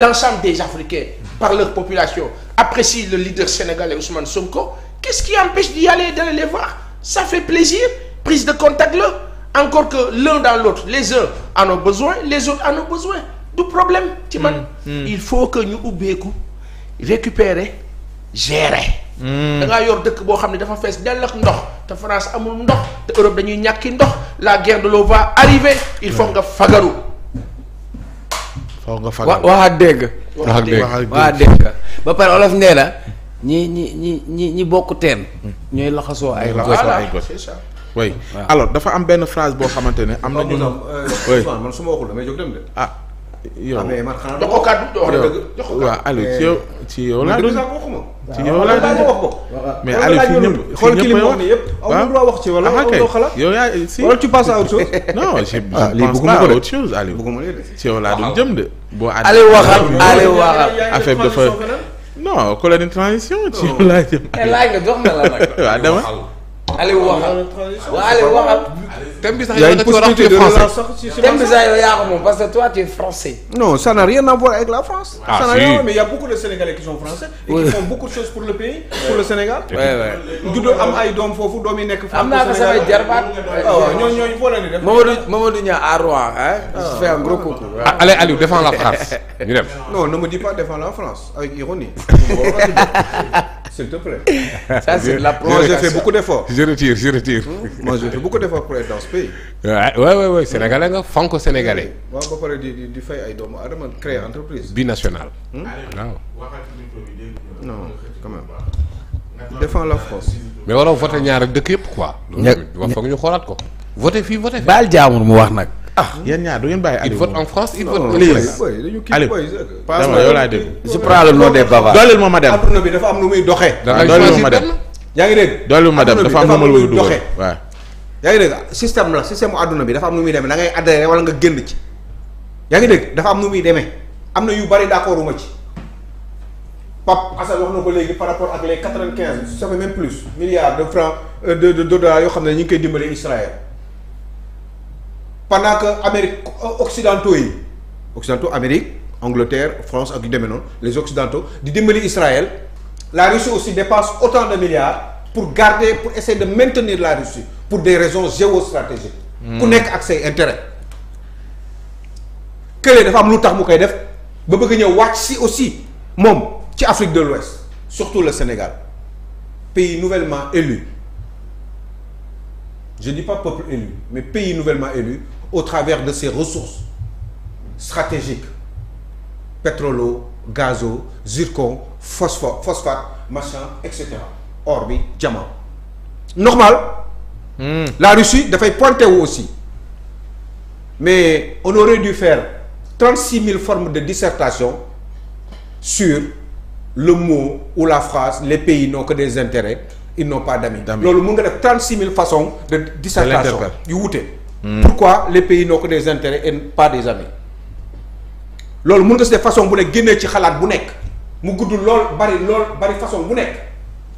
l'ensemble des Africains par leur population apprécient le leader sénégalais Ousmane Sonko qu'est-ce qui empêche d'y aller d'aller les voir ça fait plaisir prise de contact là encore que l'un dans l'autre les uns en ont besoin les autres en ont besoin du problème ci man mm, mm. il faut que ñu ubbeeku récupérer gérer mm. da yor dëkk boo xam ne dafa fees dell ndox te France amul ndox te Europe dañuy ñàkki ndox la guerre de l'eau va arriver il faut nga fagaru xaw nga fagal waxaat dégg. waxaat dégg waxaat dégg ba pare olof nee na ñi ñi ñi ñi ñi bokk teen. ñooy laxasoo ay gos oui alors dafa am benn phrase boo xamante ne am na ñu. a yow ah, man xanaa jox ko kàddu jox ko dëgg jox ko waaw Aliou ci yow ci yow laa doon ci yow laa doon wax ko mais Aliou ah, non ah, je pense pas à autre chose Aliou ci yow laa doon jëm de boo ànd Aliou waxal Aliou non colonne de transition ci yow laa jëm eh, laaj nga jox na Aliou waxal waaw bi sax yow da ci war a tuuti français thème bi sax yow yaa moom parce que toi tu es français. non ça n'a rien à la France. ah ça n'a rien mais a beaucoup de Sénégalais qui sont français. et qui font beaucoup de pour le pays. pour le Sénégal. juddoo am ay doom foofu doom yi nekk. am naa ko samay jarbaat. Ah, waaw ñooñu ñooñu foo leen di ah. je gros coucou. Ah, allez Aliou défends la France ñu dem. non ne pas défends la France avec ironie. S'il te plaît. Ça, la Moi, j'ai fait beaucoup d'efforts. Je retire, je retire. Moi, j'ai nga fonk sénégalais. waaw ba pare di fay ay doomu aadama créer entreprise. binationale. Hmm? Ah, waaw. non quand même. défend mais waroo voté ñaar dëkk yëpp quoi. ña ñu xoolaat ko. voté fii voté. baal jaamur mu wax nag. ah yéen ñaar du ngeen bàyyi Aliou. il vote en France il vote. lii Aliou dama yow laa dégg. je ma dem adduna bi dafa am lu muy doxee. da ah, ma dem yaa ngi dégg. ma dem dafa am lu muy doxee waaw. yaa système la système mu àdduna bi dafa am nu muy demee da ngay adhéré wala nga génn ci. yaa ngi dégg dafa am nu muy demee am na yu bari d'accord uma ci Pape Assane wax na ko léegi par rapport ak les quatre-vingt-quinze ça fait plus milliards de francs euh, de de yoo xam ne ñu ngi koy dimbali Israël. pendant que Amérique euh, occidentaux yi occidentaux Amérique Angleterre France ak yu demee noonu les occidentaux di dimbali Israël la Russie aussi dépense autant de milliards pour garder pour essayer de maintenir la Russie pour des raisons géostratégiques. ku hmm. nekk ak say intérêt kële dafa am lu tax mu koy def ba bëgg ñëw wàcc si aussi moom ci Afrique de l'Ouest surtout le Sénégal pays nouvellement élu je dis pas peuple élu mais pays nouvellement élu au travers de ses ressources stratégiques pétrolo gazo zircon phosphore phosphate machin et cetera or bi diamant normal hmm. la Russie dafay pointé wu aussi mais on aurait dû faire trente-six mille formes de dissertation sur le mot ou la phrase les pays n'ont que des intérêts ils n'ont pas d'amis loolu mun nga def trente-six mille façons de dissertation yu wute Hmm. pourquoi les pays n'ont que des intérêts et pas des amis loolu mun nga si def façon bu nekk génnee ci xalaat bu nekk mu gudd lool bari lool bari façon bu nekk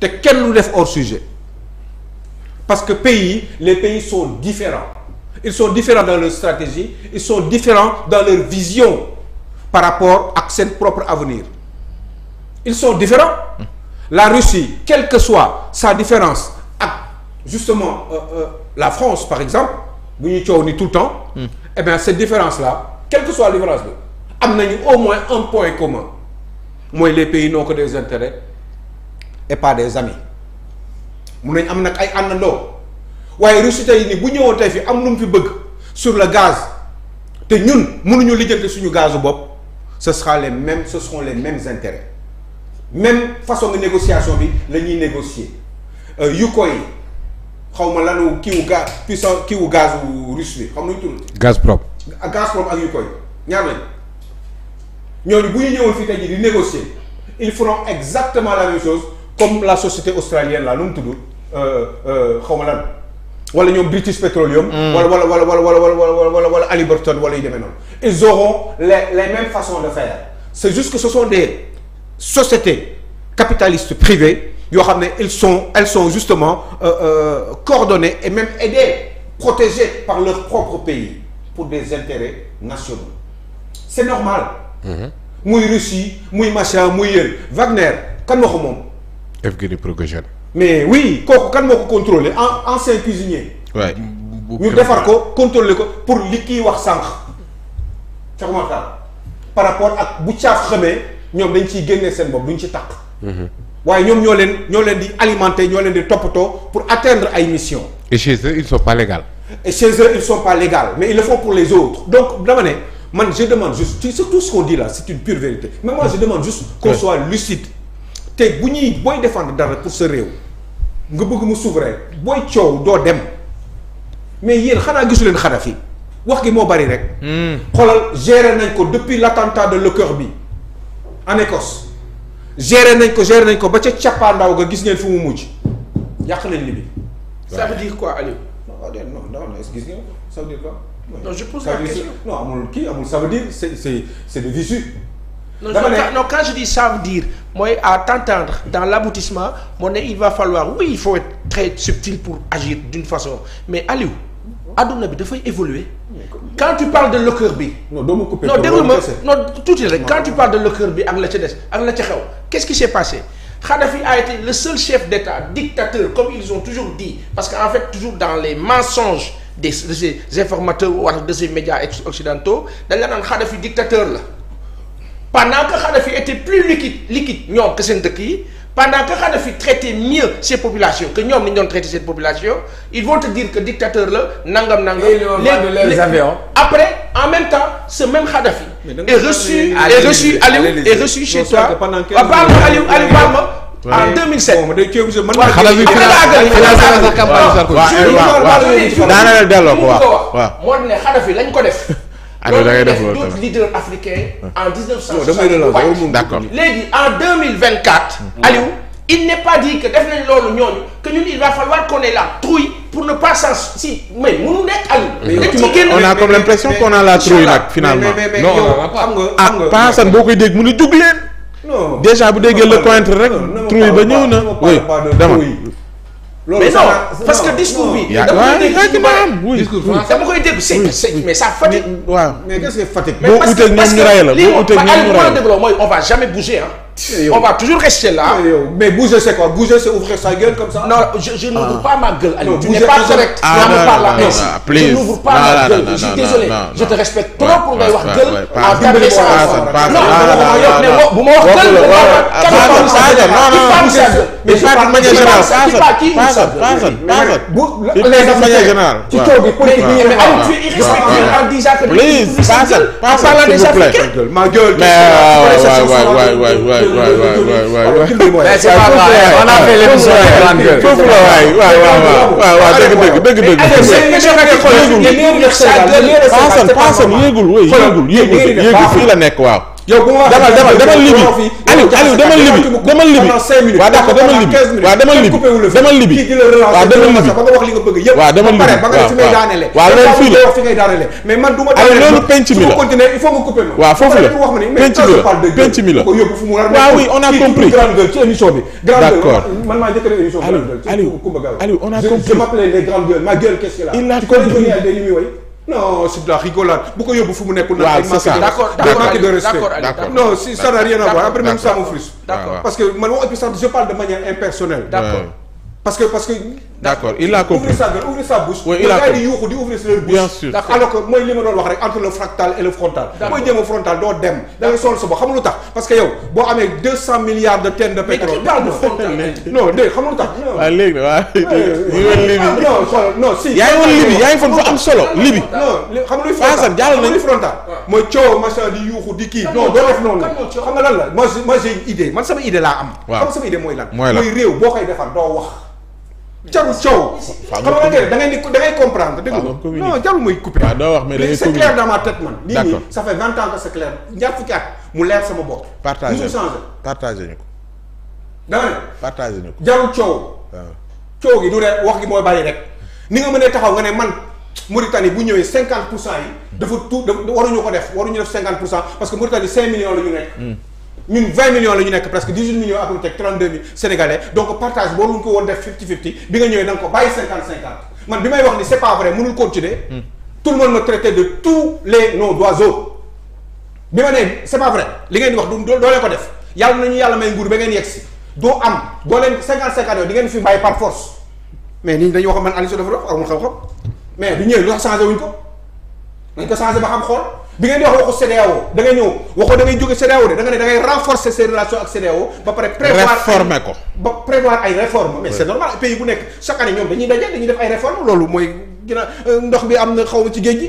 te kenn lu def hors sujet parce que pays les pays sont différents ils sont différents dans leur stratégie ils sont différents dans leur vision par rapport ak seen propre avenir ils sont différents hmm. la Russie quelle que soit sa différence ak justement euh, euh la France par exemple bu ñuy coow ni tout le temps. Mmh. cette différence la quelle que le différence bi am nañu au moins un point commun mooy les pays non ko des intérêts et par des amis mun nañ am nag ay àndandoo waaye Russie tey ni bu ñëwoon tey fi am lu mu fi bëgg sur le gaz te ñun mënuñu lijjanti suñu gazu bopp ce sera les même ce seront les mêmes intérêts même façon de négociation bi la ñuy négocier euh, yu koy xaw ma lanu kiiwu gaz puissance kiiwu gaz russe bi xam nañu tudd. Gazprom. ak Gazprom ak Lukoil ñaar lañu ñooñu bu ñu ñëwoon fii tey jii di négocier il front exactement la même chose comme la société australienne là nu mu tudd euh, euh, xaw ma lan wala ñoom British Petroleum. Mm. wala wala wala wala wala wala wala Halliburton wala yu demee noonu. ils auront les les mêmes façons de faire c'est juste que ce société des sociétés yoo xam ne ils sont elles sont justement euh, euh, coordonnées et même aidées protégées par leur propre pays pour des intérêts nationaux c'est normal mhm. muy Russie muy machin muy yéen Wagner kan moo ko moom Evgeny Prigojine mais wii kooku kan moo ko contrôler en ancien cuisinier waay ñu defar ko contrôler ko pour li kiy wax sànq caxumantaan par rapport ak bu caaf xamee ñoom dañ ciy génnee seen bopp ñu ci tàq mhm. waaye ñoom ñoo leen ñoo leen di alimenter ñoo leen di toppatoo pour atteindre ay mission et chez eux ils sont pas légal. et chez eux ils sont pas légal mais ils le font pour les autres donc dama ne man je demande juste c'est tout ce qu'on dit là c'est une pure vérité mais moi je demande juste qu'on lucide te bu ñuy booy défendre dara pour sa réew nga bëgg mu souverain booy coow doo dem mais yéen xanaa gisu leen Kadhafi wax gi moo bari rek. Hmm. xoolal gérer nañ ko depuis l'attentat de Lockerbie en Écosse. géré nañ ko géré nañ ko ba ca cappaandaw ga gis ngeen fu mu mujj yàq li bi ça veut dire quoi Aliou. non non non est gis ngeen ko ça veut dire quoi. amul kii amul ça veut dire c'est c'est c'est de visu. dama ne non quand je dis ça dire mooy à t'entendre dans l'aboutissement moo ne il va falloir oui il faut être très subtil pour agir d'une façon mais Aliou. adduna bi dafay évoluer quand tu parles de lëkkër bi. non doo ma coupé non déglu ma tuuti rek quand tu parles de lëkkër bi ak la ca des ak la ca xew qu'est-ce qui s'est passé Kadhafi a été le seul chef d'État dictateur comme ils ont toujours dit parce que en fait toujours dans les mensonges des de ces informateurs wala de ces médias occidentaux dañ la naan Kadhafi dictateur la pendant que Kadhafi était plus liquide liquide ñoom que seen dëkk yi. pendant que Kadhafi traitait mieux ses populations que ñoom ni ñu doon cette population ils vont te dire que dictateur la nangam nangam. les après en même temps ce même Kadhafi. est reçu est reçu Aliou est reçu chez toi waaw baal ma Aliou Aliou baal ma en 2007 moom day kii bi man. waaw xanaa bi financé na sa campagne Sarkozy. waaw waaw waaw ko waaw ne Kadhafi alors ah, da ngay def loolu tamit leader africain ah. en 1960 d'accord léegi en 2024 hmm. Aliou il n'est pas dit que def nañ loolu ñooñu que ñun il va falloir qu'on ait la trouille pour ne pas sans si mais mënu nekk Aliou. dañ ci génn on a comme l'impression qu'on a la trouille nag non ah, xam nga xam nga paasan boo koy dégg mu ne jug leen déjà bu déggee le contre rek trouille ba ñëw na oui mais non parce que discours bi. dama koy dégg c'est mais ça fatigue. mais qu'est-ce que fatigue. boo uteeg ñoom ñu ray la boo uteeg ñoom ñu ray la mooy on va jamais bouger ah. Eh, on va toujours rester là. Eh, mais bouger c'est quoi bouger c'est ouvrir sa gueule comme ça. non je je n'ouvre ah. pas ma gueule. Aliou tu n'es pas correct. ah non non non non pas non non non je suis désolé je te respecte trop pour ngay wax gueule. ah dimbali sa non non bu ma wax gueule. mais je parle de manière générale. ci taw bi politique bi mais Aliou tu es irrespectueux en disant que. please ma gueule. waaw waaw waaw waaw yow bu ma waxee demal demal demal Libi Aliou Aliou demal Libi demal Libi waaw d'accord demal Libi waaw demal Libi demal Libi waaw demal Libi ba nga wax li nga bëgg yëpp waaw demal Libi waaw loolu fii la fi ngay daanele mais man du ma daanele loolu penc mi la continuer il faut nga couper ma waaw foofu la penc mi la penc mi la waaw oui on a compris ci émission bi d'accord man maa njëkk a émission bi Aliou Aliou on a compris je m'appelais les grandes gueules ma gueule qu'est-ce que là il a compris non c'est de la bu ko yóbbu fu mu nekkul. waaw c'est ça d'accord d'accord non si ça n'a rien après même ça me d'accord parce que man wax et puis je parle de manière impersonnelle. d'accord parce que parce que. d'accord il a compris ouvrir sa gueule ouvrir sa bouche. oui il a compris di yuuxu di ouvrir seen bouche. bien sûr mooy li ma doon wax rek entre le fractal et le frontal. mooy jéem a frontal doo dem. da sol sa xam lu tax parce que boo amee deux cent milliards de tonnes de pétrole. mais non xam lu tax. waaw léegi nag waaw dégg nga non non yaa ngi am solo Libye. non xam luy frontal xam luy frontal. mooy coow machin di yuuxu di kii. non doo def noonu xam nga lan la moi j'ai une idée man sama idée laa am. waaw xam mooy lan. mooy boo koy defar doo jarul coow. xam nga da ngay ni da ngay comprendre. dégg nga non jarul mooy coupé. waaw doo wax mais da ngay c'est clair dans ma tête man. vingt ans que c'est clair ñaar fukki mu leer sama bopp. partagé ñu changé. partagé ñu ko. dama ne. partagé ñu gi du ne wax gi moo bari rek ni nga mënee taxaw nga ne man Mauritanie bu ñëwee cinquante pour cent yi. dafa tout dafa waruñu ko def waruñu def cinquante pour cent parce que Mauritanie cinq millions la nekk. Hmm. ñun 20 millions la ñu nekk presque 18 millions ak lu teg 32 mille sénégalais donc partage boo luñ ko woon def 50 50 bi nga ñëwee da nga ko bàyyi 50 50 man bi may wax ni c'est pas vrai mënul continuer. Hmm. tout le monde me traitait de tous les noms d'oiseaux bi ma nee c'est pas vrai li ngeen di wax du doo leen ko def yàlla ñu yàlla may nguur ba ngeen yegg si doo am doo leen 50 50 yooyu di ngeen fi bàyyi par force mais nit ñi dañuy wax man Aliou Sow dafa mais du ñëwee lu tax wuñ ko dañ ko changé ba xam bi ngeen di wax waxu CEDEAO da ñëw waxoo da jóge CEDEAO de da nga ne da ngay renforcer ses relations ak CEDEAO ba pare prévoir réformer ko ba prévoir ay réformes mais c'est normal pays bu nekk chaque année ñoom dañuy daje dañuy def ay réformes loolu mooy gina euh, ndox bi am na xaw ma ci géej gi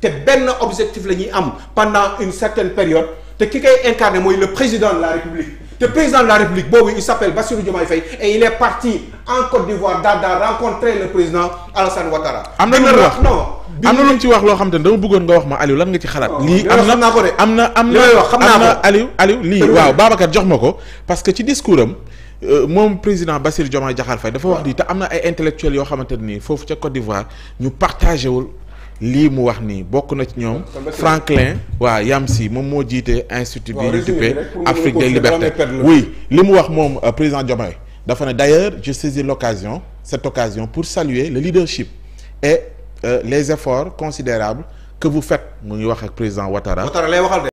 te benn objectif la ñuy am pendant une certaine période te ki koy incarné mooy le président de la république te président de la république boobu il s'appelle Bassirou Diomaye Faye et il est parti en Côte d'Ivoire daal daal rencontrer le président Alassane Ouattara. am na lu mu wax am na ci wax loo xam ne dama bëggoon nga wax ma Aliou lan nga ci xalaat. Oh, lii am na am na am na xam naa ko am lii waaw Babacar jox ma ko parce que ci discours am. Euh, moom président Bassirou Diomaye Diakhar Faye dafa wax lii te am na ay intellectuels yoo xamante nii foofu ca Côte d'Ivoire ñu partagé wul lii mu wax nii bokk na ci ñoom Franklin waa yam si moom moo jiite institut bi ñu duppee Afrique des libertés oui li mu wax moom euh, président Diomaye dafa ne d'ailleurs je saisis l'occasion cette occasion pour saluer la leadership et euh, les efforts considérables que vous faites mu ngi wax ak président Ouattara